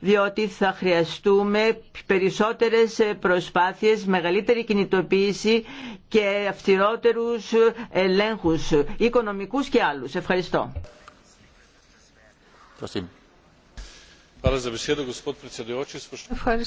διότι θα χρειαστούμε περισσότερες προσπάθειες, μεγαλύτερη κινητοποίηση και αυστηρότερους ελέγχους, οικονομικούς και άλλους. Ευχαριστώ. Ευχαριστώ.